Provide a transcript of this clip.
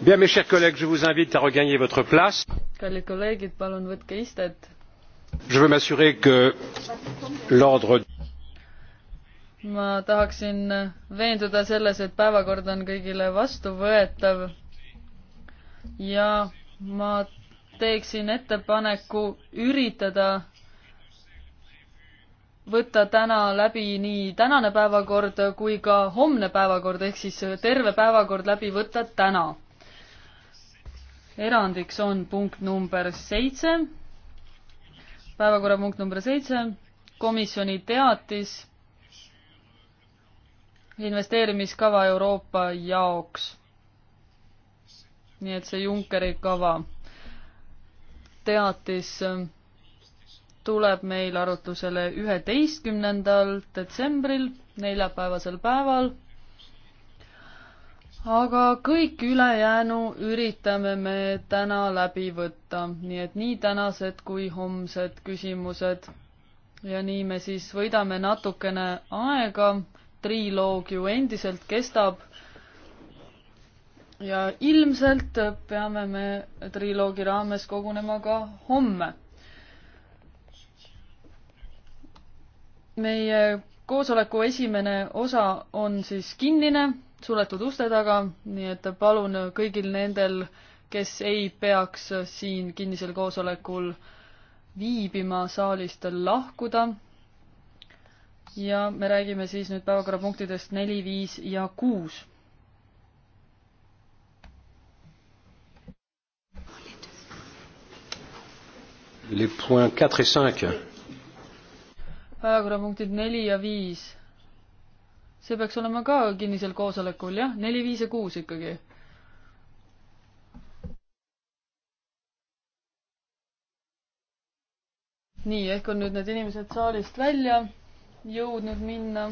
Bien, mes chers collègues, je vous invite à regagner votre place. Kallid kolleegid, palun võtke istet. Je veux m'assurer que l'ordre ma tahaksin veenduda selles, et päevakord on kõigile vastuvõetav ja ma teeksin ettepaneku üritada võtta täna läbi nii tänane päevakord kui ka homne päevakord, ehk siis terve päevakord läbi võtta täna. erandiks on punkt number seitse, päevakorrapunkt number seitse, komisjoni teatis investeerimiskava Euroopa jaoks. nii et see Junckeri kava teatis tuleb meil arutlusele üheteistkümnendal detsembril, neljapäevasel päeval. aga kõik ülejäänu üritame me täna läbi võtta, nii et nii tänased kui homsed küsimused. ja nii me siis võidame natukene aega, triloog ju endiselt kestab ja ilmselt peame me triloogi raames kogunema ka homme meie koosoleku esimene osa on siis kinnine, suletud uste taga, nii et palun kõigil nendel, kes ei peaks siin kinnisel koosolekul viibima, saalist lahkuda. ja me räägime siis nüüd päevakorrapunktidest neli, viis ja kuus les points quatre et cinq päevakorrapunktid neli ja viis. see peaks olema ka kinnisel koosolekul, jah, neli, viis ja kuus ikkagi. nii, ehk on nüüd need inimesed saalist välja jõudnud minna